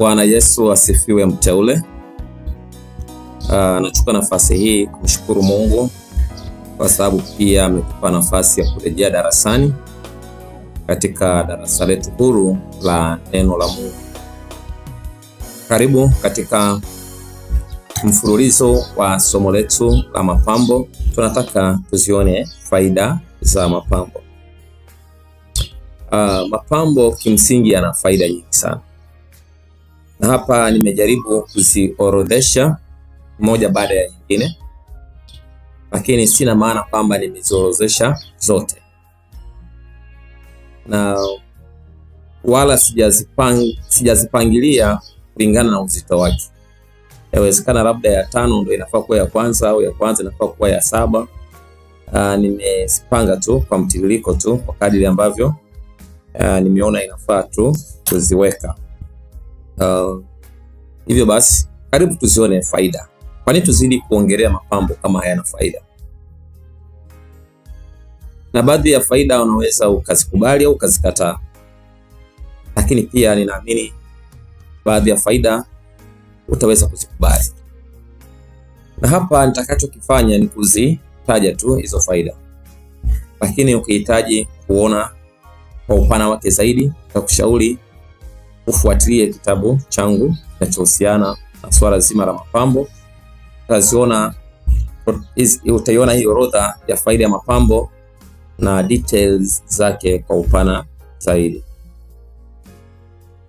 Bwana Yesu asifiwe, mteule. Ah, nachukua nafasi hii kumshukuru Mungu kwa sababu pia amekupa nafasi ya kurejea darasani katika darasa letu huru la neno la Mungu. Karibu katika mfululizo wa somo letu la mapambo. Tunataka tuzione faida za mapambo. Uh, mapambo kimsingi yana faida nyingi sana na hapa nimejaribu kuziorodhesha moja baada ya nyingine, lakini sina maana kwamba nimeziorodhesha zote na wala sijazipang, sijazipangilia kulingana na uzito wake. Yawezekana labda ya tano ndio inafaa kuwa ya kwanza au ya kwanza inafaa kuwa ya saba. Ah, nimezipanga tu kwa mtiririko tu kwa kadiri ambavyo ah, nimeona inafaa tu kuziweka. Uh, hivyo basi karibu tuzione faida. Kwani tuzidi kuongelea mapambo kama hayana faida? Na baadhi ya faida unaweza ukazikubali au ukazikataa, lakini pia ninaamini baadhi ya faida utaweza kuzikubali, na hapa nitakachokifanya ni kuzitaja tu hizo faida, lakini ukihitaji kuona kwa upana wake zaidi, nitakushauri ufuatilie kitabu changu kinachohusiana na swala zima la mapambo. Utaziona, utaiona hii orodha ya faida ya mapambo na details zake kwa upana zaidi.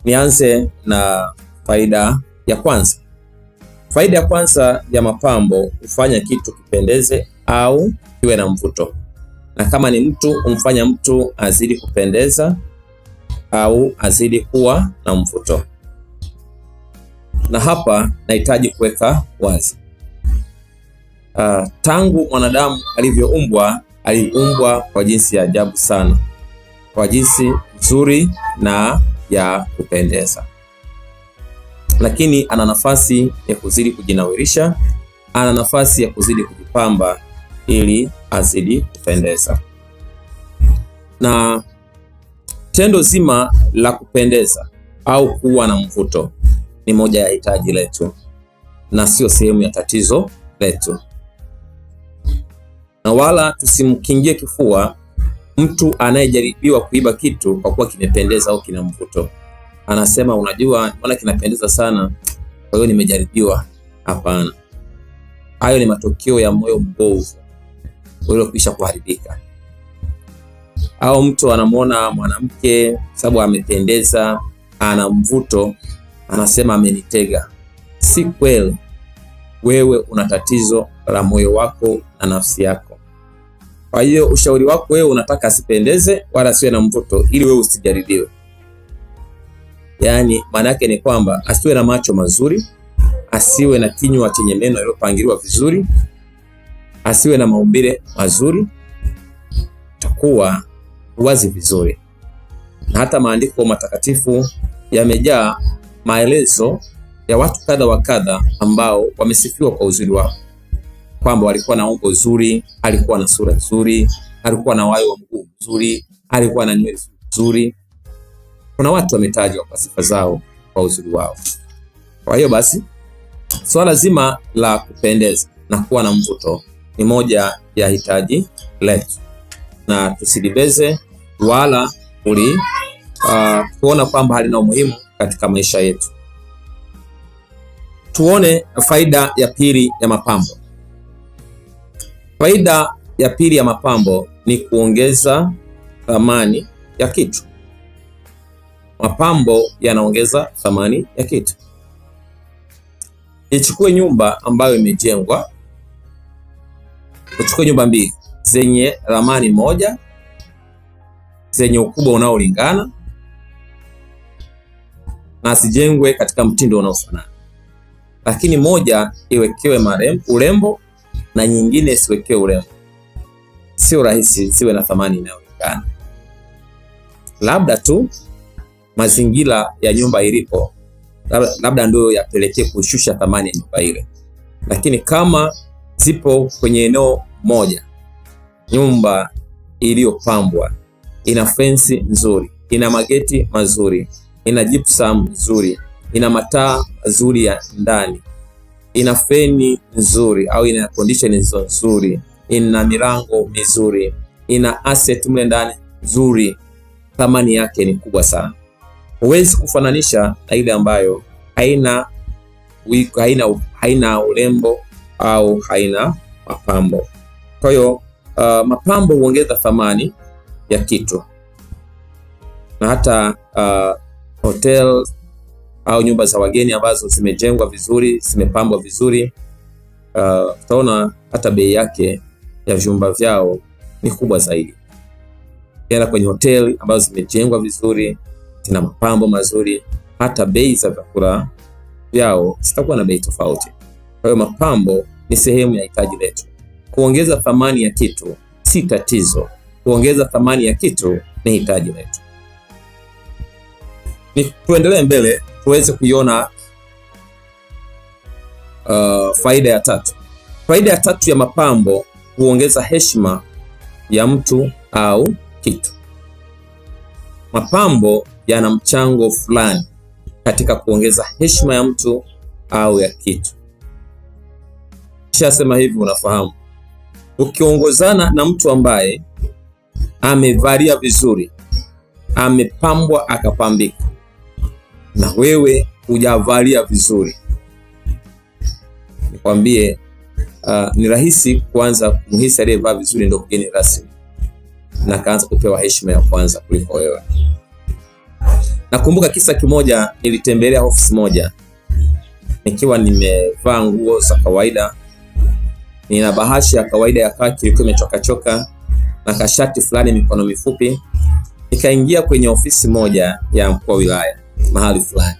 Nianze na faida ya kwanza. Faida ya kwanza ya mapambo, hufanya kitu kipendeze au kiwe na mvuto, na kama ni mtu, humfanya mtu azidi kupendeza au azidi kuwa na mvuto, na hapa nahitaji kuweka wazi uh, tangu mwanadamu alivyoumbwa, aliumbwa kwa jinsi ya ajabu sana, kwa jinsi nzuri na ya kupendeza, lakini ana nafasi ya kuzidi kujinawirisha, ana nafasi ya kuzidi kujipamba ili azidi kupendeza na tendo zima la kupendeza au kuwa na mvuto ni moja ya hitaji letu na sio sehemu ya tatizo letu, na wala tusimkingie kifua mtu anayejaribiwa kuiba kitu kwa kuwa kimependeza au kina mvuto. Anasema unajua, mbona kinapendeza sana, kwa hiyo nimejaribiwa. Hapana, hayo ni matokeo ya moyo mbovu uliokwisha kuharibika au mtu anamwona mwanamke sababu amependeza, ana mvuto, anasema amenitega. Si kweli. Wewe una tatizo la moyo wako na nafsi yako. Kwa hiyo ushauri wako wewe unataka asipendeze wala asiwe na mvuto, ili wewe usijaribiwe. Yaani maana yake ni kwamba asiwe na macho mazuri, asiwe na kinywa chenye meno yaliyopangiliwa vizuri, asiwe na maumbile mazuri, takuwa uwazi vizuri, na hata maandiko matakatifu yamejaa maelezo ya watu kadha wa kadha ambao wamesifiwa kwa uzuri wao, kwamba walikuwa na umbo zuri, alikuwa na sura nzuri, alikuwa na wayo wa mguu mzuri, alikuwa na nywele nzuri. Kuna watu wametajwa kwa sifa zao, kwa uzuri wao. Kwa hiyo basi, swala zima la kupendeza na kuwa na mvuto ni moja ya hitaji letu na tusilibeze wala kuli uh, ah, kuona kwamba halina umuhimu katika maisha yetu. Tuone faida ya pili ya mapambo. Faida ya pili ya mapambo ni kuongeza thamani ya kitu. Mapambo yanaongeza thamani ya kitu. Ichukue nyumba ambayo imejengwa, uchukue nyumba mbili zenye ramani moja zenye ukubwa unaolingana na zijengwe katika mtindo unaofanana, lakini moja iwekewe marembo, urembo na nyingine isiwekewe urembo. Sio rahisi ziwe na thamani inayolingana, labda tu mazingira ya nyumba ilipo labda ndio yapelekee kushusha thamani ya nyumba ile, lakini kama zipo kwenye eneo moja nyumba iliyopambwa, ina fensi nzuri, ina mageti mazuri, ina gypsum nzuri, ina mataa mazuri ya ndani, ina feni nzuri au ina condition nzuri, ina milango mizuri, ina asset mle ndani nzuri, thamani yake ni kubwa sana. Huwezi kufananisha na ile ambayo haina haina haina urembo au haina mapambo. Kwa hiyo uh, mapambo huongeza thamani ya kitu na hata uh, hotel au nyumba za wageni ambazo zimejengwa vizuri, zimepambwa vizuri, uh, utaona hata bei yake ya vyumba vyao ni kubwa zaidi. Ukienda kwenye hoteli ambazo zimejengwa vizuri, zina mapambo mazuri, hata bei za vyakula vyao zitakuwa na bei tofauti. Kwa hiyo mapambo ni sehemu ya hitaji letu. Kuongeza thamani ya kitu si tatizo, kuongeza thamani ya kitu ni hitaji letu. Ni tuendelee mbele tuweze kuiona uh, faida ya tatu. Faida ya tatu ya mapambo huongeza heshima ya mtu au kitu. Mapambo yana mchango fulani katika kuongeza heshima ya mtu au ya kitu. Kishasema hivi, unafahamu ukiongozana na mtu ambaye amevalia vizuri, amepambwa akapambika, na wewe hujavalia vizuri, nikwambie, uh, ni rahisi kuanza kumhisi aliyevaa vizuri ndio mgeni rasmi, na kaanza kupewa heshima ya kwanza kuliko wewe. Nakumbuka kisa kimoja, nilitembelea ofisi moja nikiwa nimevaa nguo za kawaida Nina bahashi ya kawaida ya kaki ilikuwa imechokachoka na kashati fulani mikono mifupi. Nikaingia kwenye ofisi moja ya mkuu wa wilaya mahali fulani,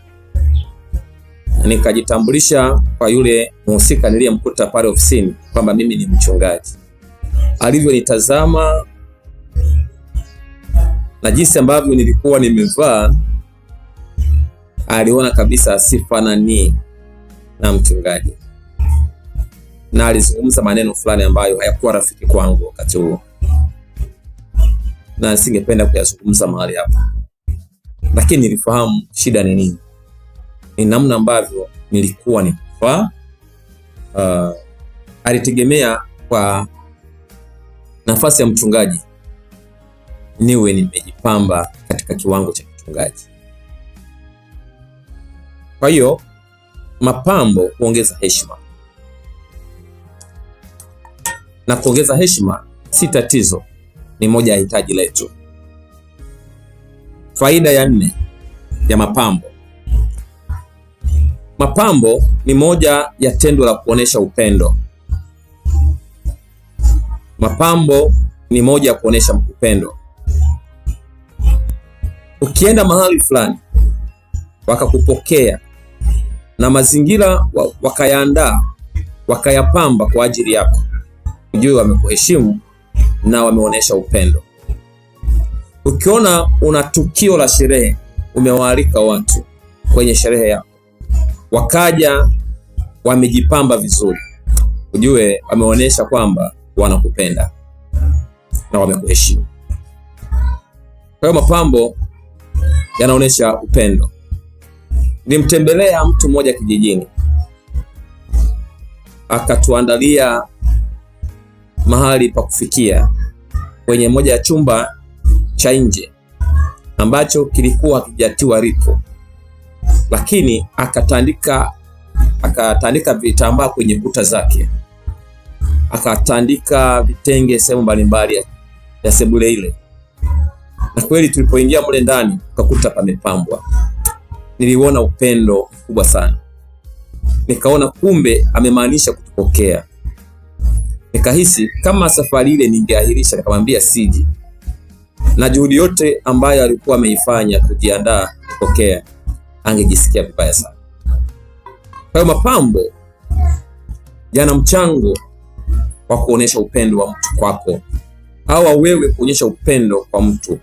nikajitambulisha kwa yule mhusika niliyemkuta pale ofisini kwamba mimi ni mchungaji. Alivyonitazama na jinsi ambavyo nilikuwa nimevaa, aliona kabisa sifanani na mchungaji na alizungumza maneno fulani ambayo hayakuwa rafiki kwangu wakati huo, na singependa kuyazungumza mahali hapa, lakini nilifahamu shida ni nini, ni namna ambavyo nilikuwa nikufaa. Uh, alitegemea kwa nafasi ya mchungaji niwe nimejipamba katika kiwango cha mchungaji. Kwa hiyo mapambo huongeza heshima na kuongeza heshima si tatizo, ni moja ya hitaji letu. Faida ya nne ya mapambo. Mapambo ni moja ya tendo la kuonesha upendo. Mapambo ni moja ya kuonesha upendo. Ukienda mahali fulani wakakupokea na mazingira wakayaandaa wakayapamba kwa ajili yako ujue wamekuheshimu na wameonyesha upendo. Ukiona una tukio la sherehe, umewaalika watu kwenye sherehe yako, wakaja wamejipamba vizuri, ujue wameonyesha kwamba wanakupenda na wamekuheshimu. Kwa hiyo mapambo yanaonyesha upendo. nimtembelea mtu mmoja kijijini, akatuandalia mahali pa kufikia kwenye moja ya chumba cha nje ambacho kilikuwa hakijatiwa ripo lakini akatandika akatandika vitambaa kwenye kuta zake, akatandika vitenge sehemu mbalimbali ya sebule ile, na kweli tulipoingia mle ndani tukakuta pamepambwa. Niliona upendo mkubwa sana, nikaona kumbe amemaanisha kutupokea Nikahisi kama safari ile ningeahirisha, nikamwambia siji, na juhudi yote ambayo alikuwa ameifanya kujiandaa kupokea, angejisikia vibaya sana. Kwa hiyo mapambo yana mchango wa kuonyesha upendo wa mtu kwako, au wewe kuonyesha upendo kwa mtu.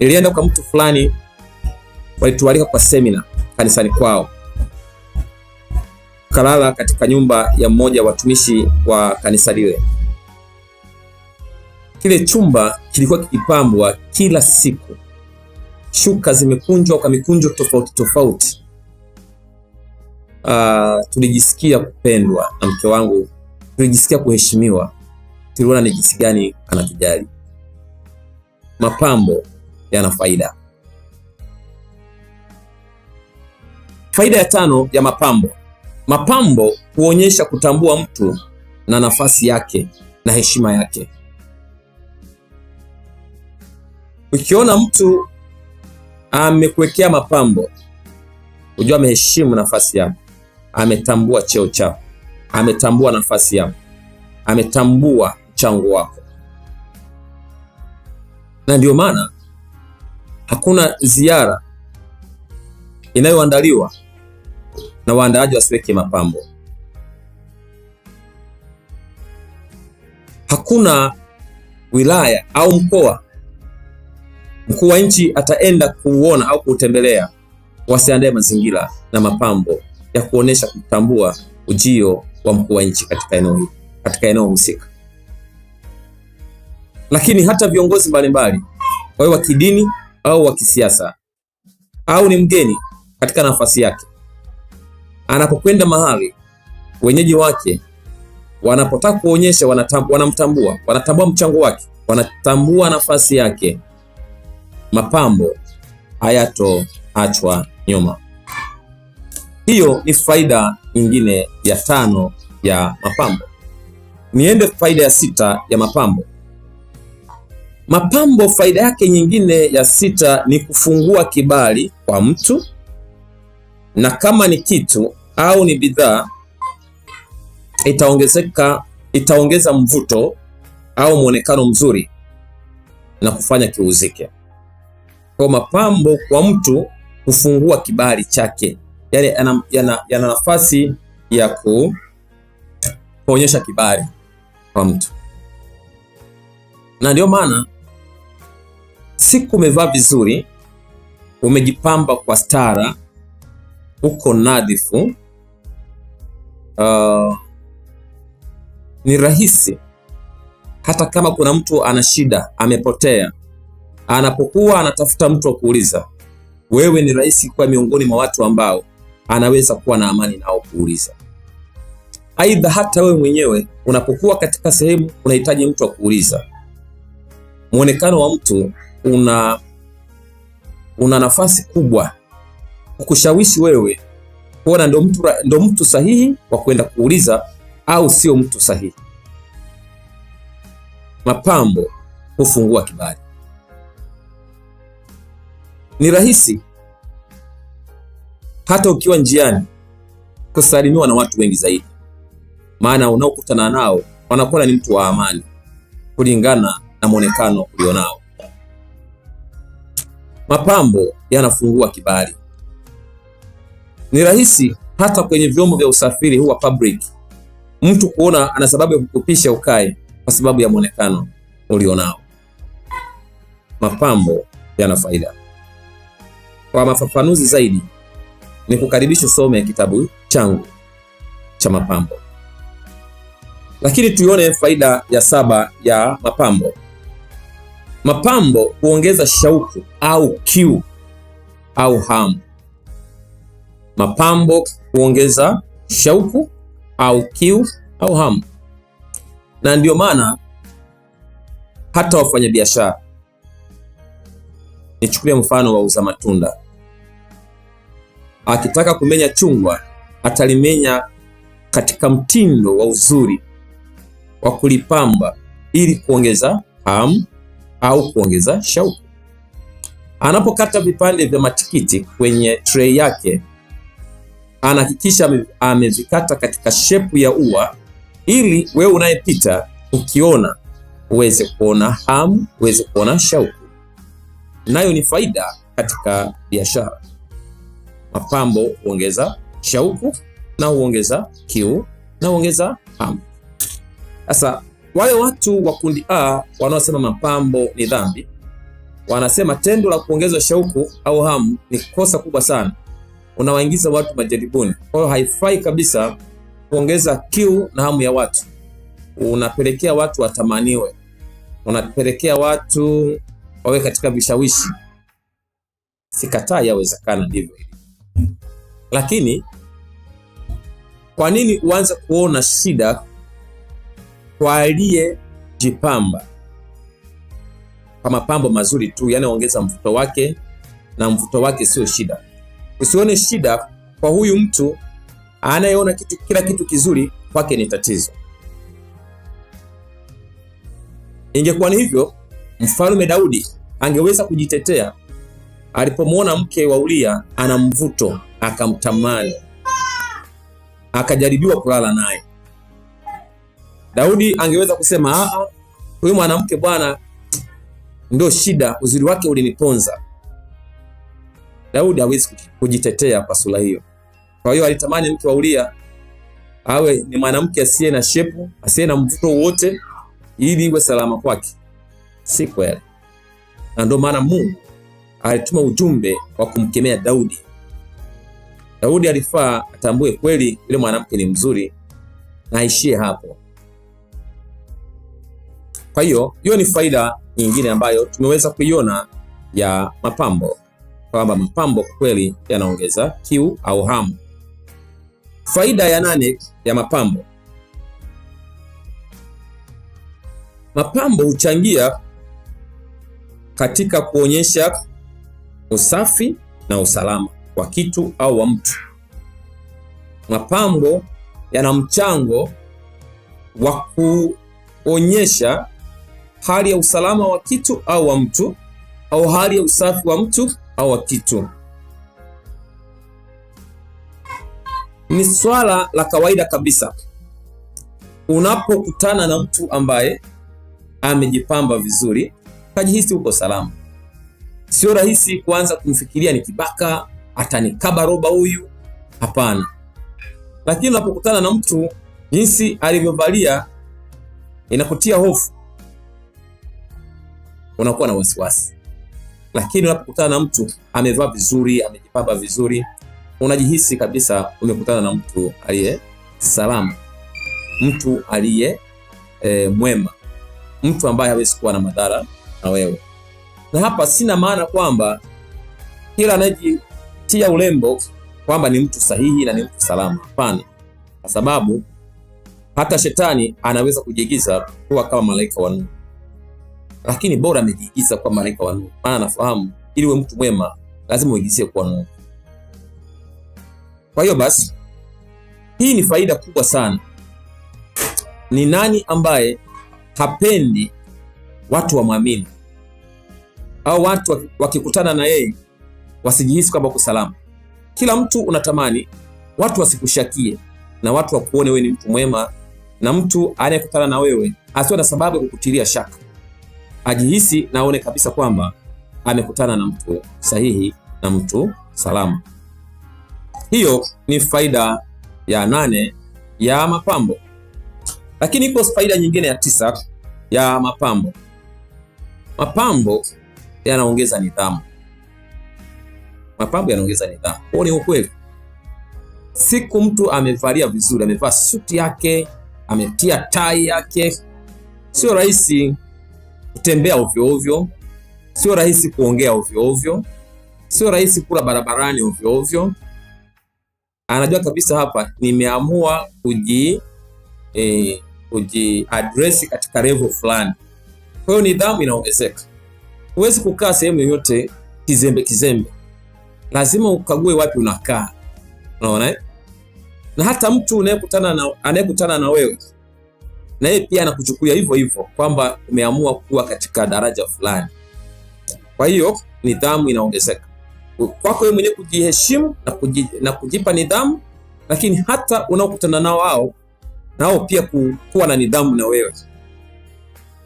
Nilienda kwa mtu fulani, walitualika kwa semina kanisani kwao tukalala katika nyumba ya mmoja watumishi wa kanisa lile. Kile chumba kilikuwa kikipambwa kila siku, shuka zimekunjwa kwa mikunjo tofauti tofauti. Uh, tulijisikia kupendwa na mke wangu, tulijisikia kuheshimiwa, tuliona ni jinsi gani anatujali. Mapambo yana faida. Faida ya tano ya mapambo Mapambo huonyesha kutambua mtu na nafasi yake na heshima yake. Ukiona mtu amekuwekea mapambo, hujua ameheshimu nafasi yako, ametambua cheo chako, ametambua nafasi yako, ametambua mchango wako. Na ndio maana hakuna ziara inayoandaliwa na waandaaji wasiweke mapambo. Hakuna wilaya au mkoa mkuu wa nchi ataenda kuuona au kuutembelea wasiandae mazingira na mapambo ya kuonesha kutambua ujio wa mkuu wa nchi katika eneo hili, katika eneo husika. Lakini hata viongozi mbalimbali wawe wa kidini au wa kisiasa au ni mgeni katika nafasi yake anapokwenda mahali wenyeji wake wanapotaka kuonyesha, wanamtambua, wanatambua mchango wake, wanatambua nafasi yake. Mapambo hayatoachwa nyuma. Hiyo ni faida nyingine ya tano ya mapambo. Niende faida ya sita ya mapambo. Mapambo, faida yake nyingine ya sita ni kufungua kibali kwa mtu, na kama ni kitu au ni bidhaa itaongezeka, itaongeza mvuto au mwonekano mzuri na kufanya kiuzike. Kwa mapambo kwa mtu kufungua kibali chake, yani yana, yana, yana nafasi ya ku kuonyesha kibali kwa mtu, na ndio maana siku umevaa vizuri, umejipamba kwa stara, uko nadhifu uh, ni rahisi hata kama kuna mtu ana shida amepotea, anapokuwa anatafuta mtu wa kuuliza, wewe ni rahisi kuwa miongoni mwa watu ambao anaweza kuwa na amani nao kuuliza. Aidha, hata wewe mwenyewe unapokuwa katika sehemu unahitaji mtu wa kuuliza, muonekano wa mtu una una nafasi kubwa kukushawishi wewe kuona ndo mtu, ndo mtu sahihi wa kwenda kuuliza au sio mtu sahihi. Mapambo hufungua kibali. Ni rahisi hata ukiwa njiani kusalimiwa na watu wengi zaidi, maana unaokutana nao wanakuwa ni mtu wa amani kulingana na mwonekano ulionao. Mapambo yanafungua kibali. Ni rahisi hata kwenye vyombo vya usafiri huwa public, mtu kuona ana sababu ya kukupisha ukae kwa sababu ya mwonekano ulionao. Mapambo yana faida. Kwa mafafanuzi zaidi, ni kukaribisha usome kitabu changu cha mapambo. Lakini tuione faida ya saba ya mapambo. Mapambo huongeza shauku au kiu au hamu mapambo kuongeza shauku au kiu au hamu, na ndio maana hata wafanyabiashara, nichukulie mfano wa uza matunda, akitaka kumenya chungwa atalimenya katika mtindo wa uzuri wa kulipamba ili kuongeza hamu au kuongeza shauku. Anapokata vipande vya matikiti kwenye trei yake anahakikisha amevikata katika shepu ya ua, ili wewe unayepita ukiona uweze kuona hamu, uweze kuona shauku. Nayo ni faida katika biashara. Mapambo huongeza shauku na huongeza kiu na huongeza hamu. Sasa wale watu wa kundi A wanaosema mapambo ni dhambi, wanasema tendo la kuongeza shauku au hamu ni kosa kubwa sana unawaingiza watu majaribuni. Kwa hiyo haifai kabisa kuongeza kiu na hamu ya watu, unapelekea watu watamaniwe, unapelekea watu wawe katika vishawishi. Sikataa, yawezekana ndivyo hili, lakini kwa nini uanze kuona shida kwa aliyejipamba kwa mapambo mazuri tu yanayoongeza mvuto wake, na mvuto wake sio shida. Usione shida kwa huyu mtu anayeona kitu, kila kitu kizuri kwake ni tatizo. Ingekuwa ni hivyo, mfalme Daudi angeweza kujitetea alipomwona mke wa Uria ana mvuto, akamtamani, akajaribiwa kulala naye. Daudi angeweza kusema, a, huyu mwanamke bwana, ndio shida, uzuri wake uliniponza. Daudi hawezi kujitetea kwa sura hiyo. Kwa hiyo alitamani mke wa Uria awe ni mwanamke asiye na shepu, asiye na mvuto wote, ili iwe salama kwake. Si kweli, na ndio maana Mungu alituma ujumbe wa kumkemea Daudi. Daudi alifaa atambue kweli yule mwanamke ni mzuri na aishie hapo. Kwa hiyo hiyo ni faida nyingine ambayo tumeweza kuiona ya mapambo kwamba mapambo kweli yanaongeza kiu au hamu. Faida ya nane ya mapambo: mapambo huchangia katika kuonyesha usafi na usalama wa kitu au wa mtu. Mapambo yana mchango wa kuonyesha hali ya usalama wa kitu au wa mtu au hali ya usafi wa mtu au kitu. Ni swala la kawaida kabisa unapokutana na mtu ambaye amejipamba vizuri, kajihisi uko salama. Sio rahisi kuanza kumfikiria ni kibaka, atanikaba roba huyu, hapana. Lakini unapokutana na mtu jinsi alivyovalia inakutia hofu, unakuwa na wasiwasi lakini unapokutana na mtu amevaa vizuri, amejipamba vizuri, unajihisi kabisa umekutana na mtu aliye salama, mtu aliye e, mwema, mtu ambaye hawezi kuwa na madhara na wewe. Na hapa sina maana kwamba kila anayejitia urembo kwamba ni mtu sahihi na ni mtu salama. Hapana, kwa sababu hata shetani anaweza kujiigiza kuwa kama malaika wa nuru lakini bora amejiigiza kuwa malaika wa nuru, maana anafahamu ili uwe mtu mwema lazima uigizie kuwa nuru. Kwa hiyo basi, hii ni faida kubwa sana. Ni nani ambaye hapendi watu wamwamini au watu wakikutana na yeye wasijihisi kwamba uko salama? Kila mtu unatamani watu wasikushakie na watu wakuone wewe ni mtu mwema, na mtu anayekutana na wewe asiwe na sababu ya kukutilia shaka ajihisi na aone kabisa kwamba amekutana na mtu sahihi na mtu salama. Hiyo ni faida ya nane ya mapambo, lakini iko faida nyingine ya tisa ya mapambo. Mapambo yanaongeza nidhamu. Mapambo yanaongeza nidhamu, huo ni ukweli. Siku mtu amevalia vizuri, amevaa suti yake, ametia tai yake, sio rahisi kutembea ovyo ovyo, sio rahisi kuongea ovyo ovyo, sio rahisi kula barabarani ovyo ovyo. Anajua kabisa hapa nimeamua kuji eh, kuji address katika level fulani. Kwa hiyo nidhamu inaongezeka. Huwezi kukaa sehemu yoyote kizembe kizembe, lazima ukague wapi unakaa, unaona eh? Na hata mtu unayekutana na anayekutana na wewe na yeye pia anakuchukulia hivyo hivyo kwamba umeamua kuwa katika daraja fulani. Kwa hiyo nidhamu inaongezeka kwako wewe mwenyewe kujiheshimu na, kuji, na kujipa nidhamu, lakini hata unaokutana nao wao nao pia kuwa na nidhamu na wewe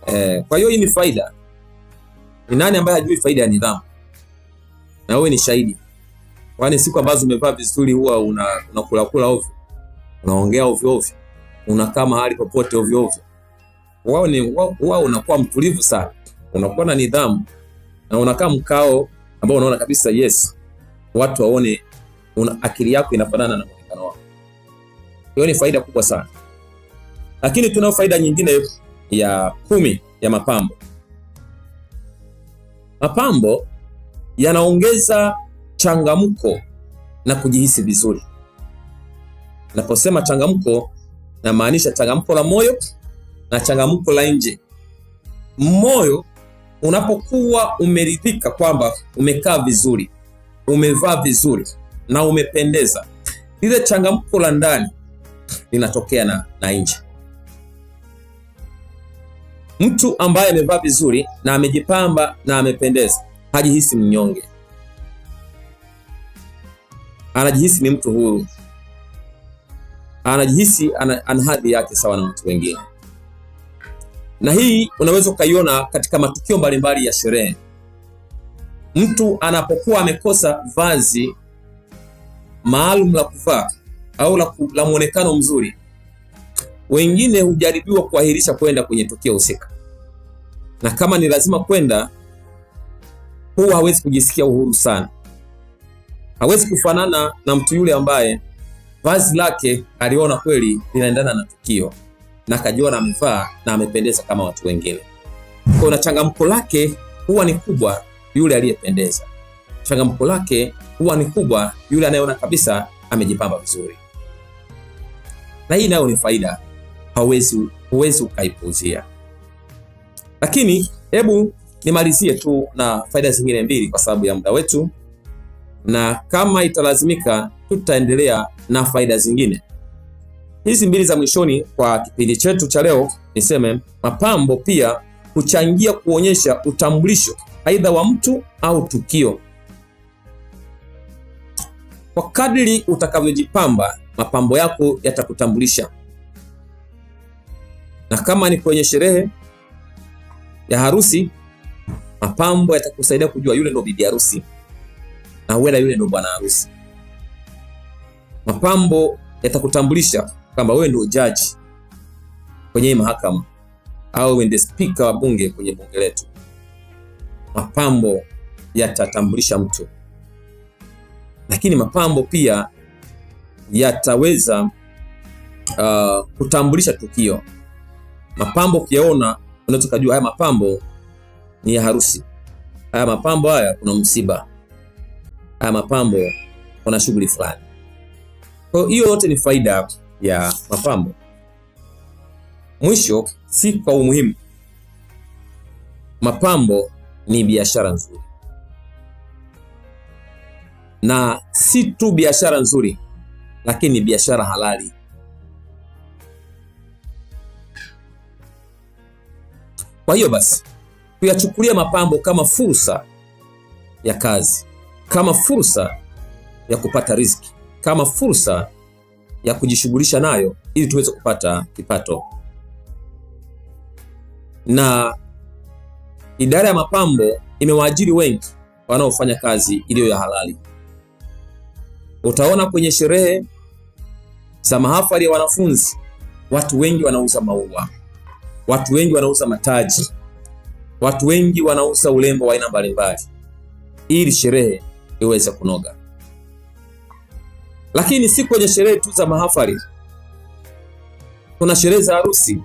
eh. Kwa hiyo hii ni faida. Ni nani ambaye hajui faida ya nidhamu? Na wewe ni shahidi, kwani siku ambazo umevaa vizuri huwa unakulakula una ovyo, unaongea ovyo ovyo unakaa mahali popote ovyo ovyo. Wao ni wao, unakuwa mtulivu sana, unakuwa na nidhamu na unakaa mkao ambao unaona kabisa yes, watu waone una akili yako inafanana na mwonekano wako. Hiyo ni faida kubwa sana, lakini tunao faida nyingine ya kumi ya mapambo. Mapambo yanaongeza changamko na kujihisi vizuri. Naposema changamko namaanisha changamko la moyo na changamko la nje. Moyo unapokuwa umeridhika kwamba umekaa vizuri, umevaa vizuri na umependeza, lile changamko la ndani linatokea na, na nje. Mtu ambaye amevaa vizuri na amejipamba na amependeza hajihisi mnyonge, anajihisi ni mtu huru anajihisi ana, ana hadhi yake sawa na watu wengine, na hii unaweza ukaiona katika matukio mbalimbali ya sherehe. Mtu anapokuwa amekosa vazi maalum la kuvaa au la, la mwonekano mzuri, wengine hujaribiwa kuahirisha kwenda kwenye tukio husika, na kama ni lazima kwenda, huwa hawezi kujisikia uhuru sana, hawezi kufanana na mtu yule ambaye Vazi lake aliona kweli linaendana na tukio na akajiona amevaa na amependeza kama watu wengine. Kwa na changamko lake huwa ni kubwa yule aliyependeza, changamko lake huwa ni kubwa yule anayeona kabisa amejipamba vizuri. Na hii nayo ni faida, hauwezi huwezi ukaipuuzia. Lakini hebu nimalizie tu na faida zingine mbili kwa sababu ya muda wetu, na kama italazimika tutaendelea na faida zingine hizi mbili za mwishoni kwa kipindi chetu cha leo. Niseme mapambo pia huchangia kuonyesha utambulisho aidha wa mtu au tukio. Kwa kadri utakavyojipamba, mapambo yako yatakutambulisha, na kama ni kwenye sherehe ya harusi, mapambo yatakusaidia kujua yule ndo bibi harusi na huenda yule ndo bwana harusi mapambo yatakutambulisha kwamba wewe ndio jaji kwenye hii mahakama au wewe ndiye spika wa bunge kwenye bunge letu. Mapambo yatatambulisha mtu, lakini mapambo pia yataweza uh, kutambulisha tukio. Mapambo ukiyaona unaweza kujua haya mapambo ni ya harusi, haya mapambo haya kuna msiba, haya mapambo kuna shughuli fulani. Kwa hiyo yote ni faida ya mapambo. Mwisho, si kwa umuhimu. Mapambo ni biashara nzuri, na si tu biashara nzuri, lakini biashara halali. Kwa hiyo basi kuyachukulia mapambo kama fursa ya kazi, kama fursa ya kupata riziki kama fursa ya kujishughulisha nayo ili tuweze kupata kipato. Na idara ya mapambo imewaajiri wengi wanaofanya kazi iliyo ya halali. Utaona kwenye sherehe za mahafali ya wanafunzi, watu wengi wanauza maua, watu wengi wanauza mataji, watu wengi wanauza urembo wa aina mbalimbali, ili sherehe iweze kunoga. Lakini si kwenye sherehe tu za mahafali, kuna sherehe za harusi,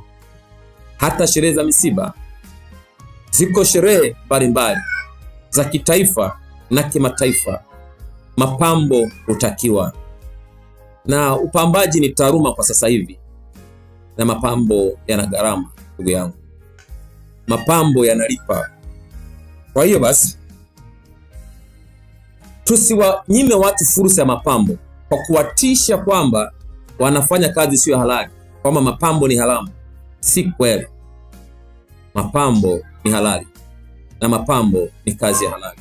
hata sherehe za misiba. Ziko sherehe mbalimbali za kitaifa na kimataifa. Mapambo hutakiwa, na upambaji ni taaluma kwa sasa hivi, na mapambo yana gharama, ndugu yangu, mapambo yanalipa. Kwa hiyo basi tusiwanyime watu fursa ya mapambo kwa kuwatisha kwamba wanafanya kazi sio halali, kwamba mapambo ni haramu. Si kweli, mapambo ni halali na mapambo ni kazi ya halali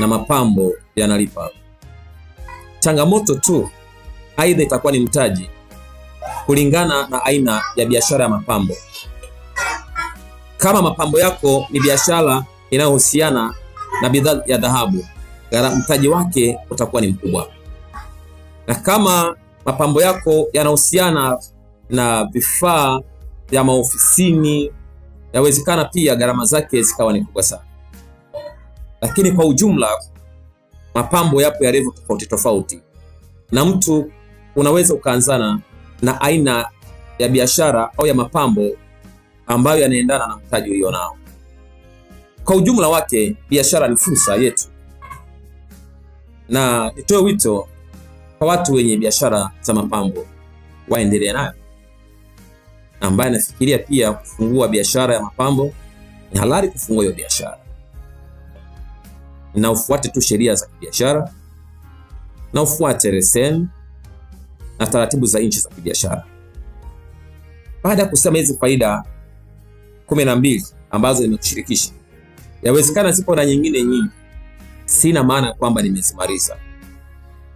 na mapambo yanalipa. Changamoto tu aidha itakuwa ni mtaji, kulingana na aina ya biashara ya mapambo. Kama mapambo yako ni biashara inayohusiana na bidhaa ya dhahabu, mtaji wake utakuwa ni mkubwa na kama mapambo yako yanahusiana na vifaa vya maofisini, yawezekana pia gharama zake zikawa ni kubwa sana. Lakini kwa ujumla mapambo yapo ya level tofauti tofauti, na mtu unaweza ukaanzana na aina ya biashara au ya mapambo ambayo yanaendana na mtaji ulio nao. Kwa ujumla wake, biashara ni fursa yetu, na nitoe wito kwa watu wenye biashara za mapambo waendelee nayo. Ambaye anafikiria pia kufungua biashara ya mapambo, ni halali kufungua hiyo biashara, na ufuate tu sheria za kibiashara na ufuate reseni na taratibu za nchi za kibiashara. Baada ya kusema hizi faida kumi na mbili ambazo nimekushirikisha, yawezekana zipo na nyingine nyingi, sina maana kwamba nimezimaliza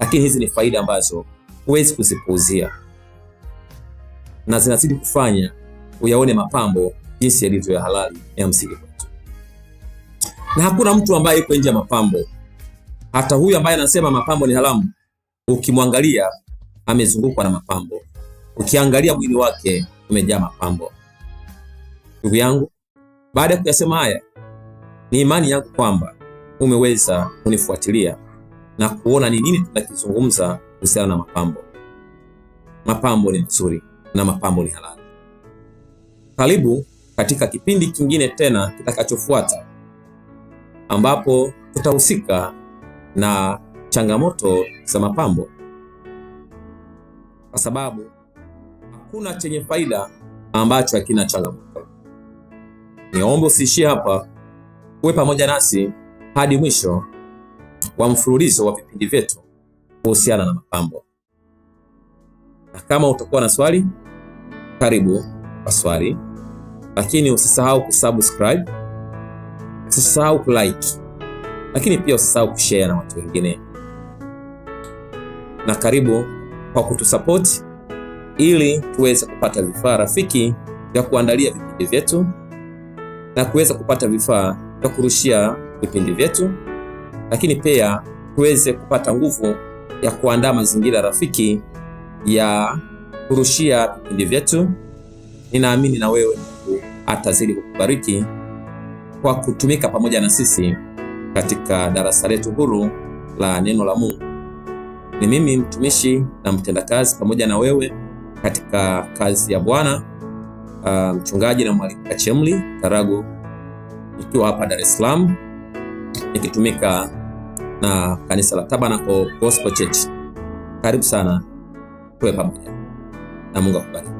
lakini hizi ni faida ambazo huwezi kuzipuuzia na zinazidi kufanya uyaone mapambo jinsi yalivyo ya halali ya msingi kwetu, na hakuna mtu ambaye yuko nje ya mapambo. Hata huyu ambaye anasema mapambo ni haramu, ukimwangalia amezungukwa na mapambo, ukiangalia mwili wake umejaa mapambo. Ndugu yangu, baada ya kuyasema haya, ni imani yangu kwamba umeweza kunifuatilia na kuona ni nini tunakizungumza kuhusiana na mapambo. Mapambo ni mazuri na mapambo ni halali. Karibu katika kipindi kingine tena kitakachofuata, ambapo tutahusika na changamoto za mapambo, kwa sababu hakuna chenye faida ambacho hakina changamoto. Niombe usiishie hapa, uwe pamoja nasi hadi mwisho wa mfululizo wa vipindi vyetu kuhusiana na mapambo. Na kama utakuwa na swali, karibu kwa swali, lakini usisahau kusubscribe, usisahau kulike, lakini pia usisahau kushare na watu wengine, na karibu kwa kutusapoti ili tuweze kupata vifaa rafiki vya kuandalia vipindi vyetu na kuweza kupata vifaa vya kurushia vipindi vyetu lakini pia tuweze kupata nguvu ya kuandaa mazingira rafiki ya kurushia vipindi vyetu. Ninaamini na wewe Mungu atazidi kukubariki kwa kutumika pamoja na sisi katika darasa letu huru la neno la Mungu. Ni mimi mtumishi na mtendakazi pamoja na wewe katika kazi ya Bwana, uh, mchungaji na mwalimu Kachemli Taragu, ikiwa hapa Dar es Salaam nikitumika na kanisa la Tabernacle Gospel Church. Karibu sana tuwe pamoja na Mungu akubariki.